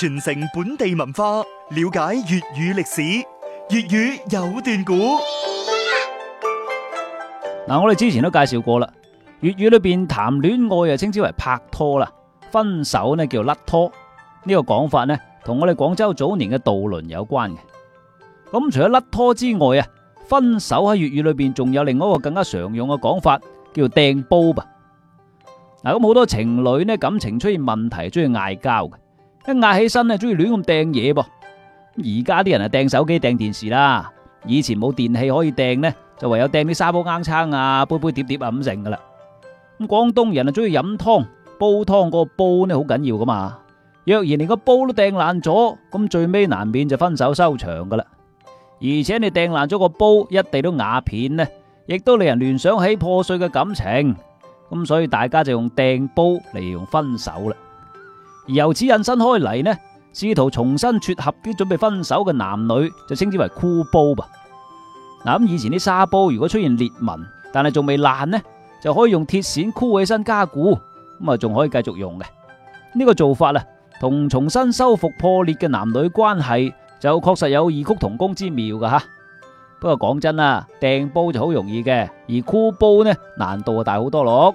傳承本地文化，了解粵語歷史，粵語有段古。嗱，我哋之前都介紹過啦，粵語裏邊談戀愛啊，稱之為拍拖啦，分手呢叫甩拖。呢個講法呢，同我哋廣州早年嘅渡輪有關嘅。咁除咗甩拖之外啊，分手喺粵語裏邊仲有另外一個更加常用嘅講法，叫做掟煲吧。嗱，咁好多情侶呢，感情出現問題，中意嗌交嘅。一嗌起身咧，中意亂咁掟嘢噃。而家啲人啊，掟手機、掟電視啦。以前冇電器可以掟呢，就唯有掟啲沙煲、罌罉啊、杯杯碟碟啊咁剩噶啦。咁廣東人啊，中意飲湯，煲湯嗰個煲呢，好緊要噶嘛。若然連個煲都掟爛咗，咁最尾難免就分手收場噶啦。而且你掟爛咗個煲，一地都瓦片呢，亦都令人聯想起破碎嘅感情。咁所以大家就用掟煲嚟用分手啦。由此引申開嚟呢，試圖重新撮合啲準備分手嘅男女，就稱之為箍煲噃。嗱，以前啲沙煲如果出現裂紋，但係仲未爛呢，就可以用鐵線箍起身加固，咁啊仲可以繼續用嘅。呢個做法啦，同重新修復破裂嘅男女關係，就確實有異曲同工之妙噶吓。不過講真啊，掟煲就好容易嘅，而箍煲呢難度啊大好多咯。